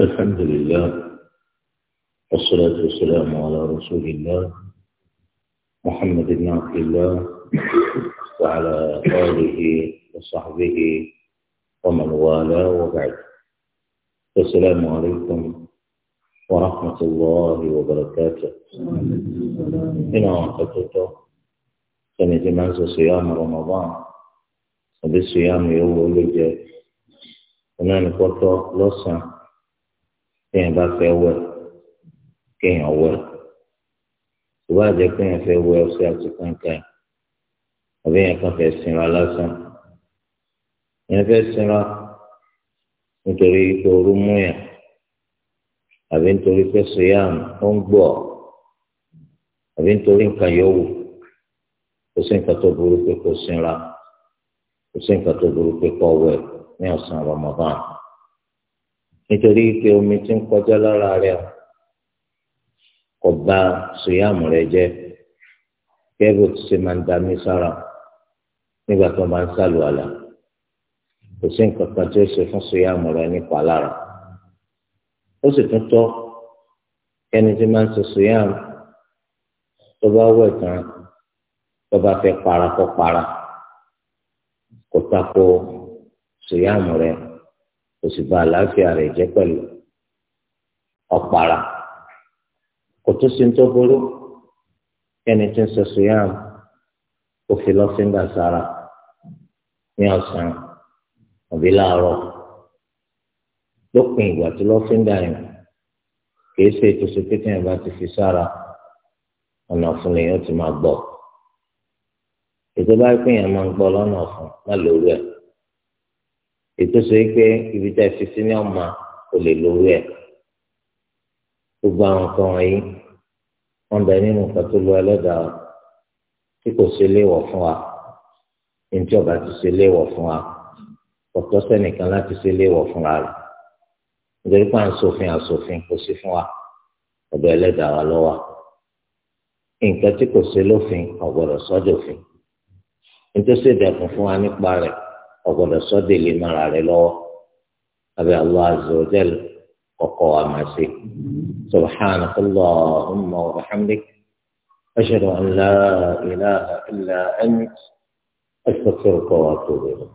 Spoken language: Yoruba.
الحمد لله والصلاة والسلام على رسول الله محمد بن عبد الله وعلى آله وصحبه ومن والاه وبعد السلام عليكم ورحمة الله وبركاته هنا وقتته سنتماس صيام رمضان وبالصيام يوم الجد هنا نقطة لصة téèyàn bá fẹ́ wẹ̀ kéèyàn wẹ̀ tó bá jẹ́ kéèyàn fẹ́ wẹ̀ ọ̀sẹ̀ àti kankan àbí èèyàn kan fẹ́ sinra lásán èèyàn fẹ́ sinra nítorí ooru mú àbí nítorí pé sèyàn ó ń gbọ́ àbí nítorí nǹkan yòówù kò sí nǹkan tó burú pé kò sinra kò sí nǹkan tó burú pé kò wẹ̀ ní ọ̀sán Ramadan nítorí pé omi tí ń kọjá lára rẹ̀ kò bà sùyàmù rẹ̀ jẹ́ kẹ́bù tí ṣe máa ń da mí sára nígbà tó máa ń sálù àlà kò sí nǹkan kan tí ó ṣe fún sùyàmù rẹ̀ nípa lára ó sì tún tọ́ ẹni tí máa ń ṣe sùyàmù tó bá wẹ̀ tán tó bá fẹ́ para kó para kò tako sùyàmù rẹ̀ kò sì bà àlàáfíà rẹ̀ jẹ́ pẹ̀lú ọ̀pàrà kò tó sí tó burú ẹni tí ń sọ̀sọ̀ yá kò fi lọ́fíńdà sára ní ọ̀sán àbí láàárọ̀ lópin ìgbà tí lọ́fíńdà yẹn kìí ṣe ìtòsí pété yẹn bá ti fi sára ọ̀nà ọ̀fun lèyàn ti máa gbọ́ ìjọba ìpínyà máa ń gbọ́ lọ́nà ọ̀fun má lórí ẹ̀ ètò sọ yìí pé ibi tá a fi sí ní ọmọ o lè lórí ẹ gbogbo àwọn nǹkan wọ̀nyí wọn bẹ nínú nǹkan tó lu ẹlẹ́dàá tí kò ṣe léèwọ̀ fún wa ní tí ọba ti ṣe léèwọ̀ fún wa ọ̀tọ̀ sẹ́nìkan láti ṣe léèwọ̀ fúnra rẹ̀ nítorí pé à ń ṣòfin àṣòfin kò sí fún wa ọ̀dọ̀ ẹlẹ́dàá wa lọ́wọ́ nǹkan tí kò ṣe lófin ọ̀gbọ̀dọ̀ sọ́dọ̀fin ní tó ṣèdẹ̀kùn fún wa nípa rẹ̀ ọgbọ́dọ̀ sọdẹ lè mara rẹ lọ́wọ́ abẹ allah azọjẹl kọkọ wa ma ṣe subhanaka allahumma wa bihamdik ashhadu an la ilaha illa ant astaghfiruka wa atubu ilayk.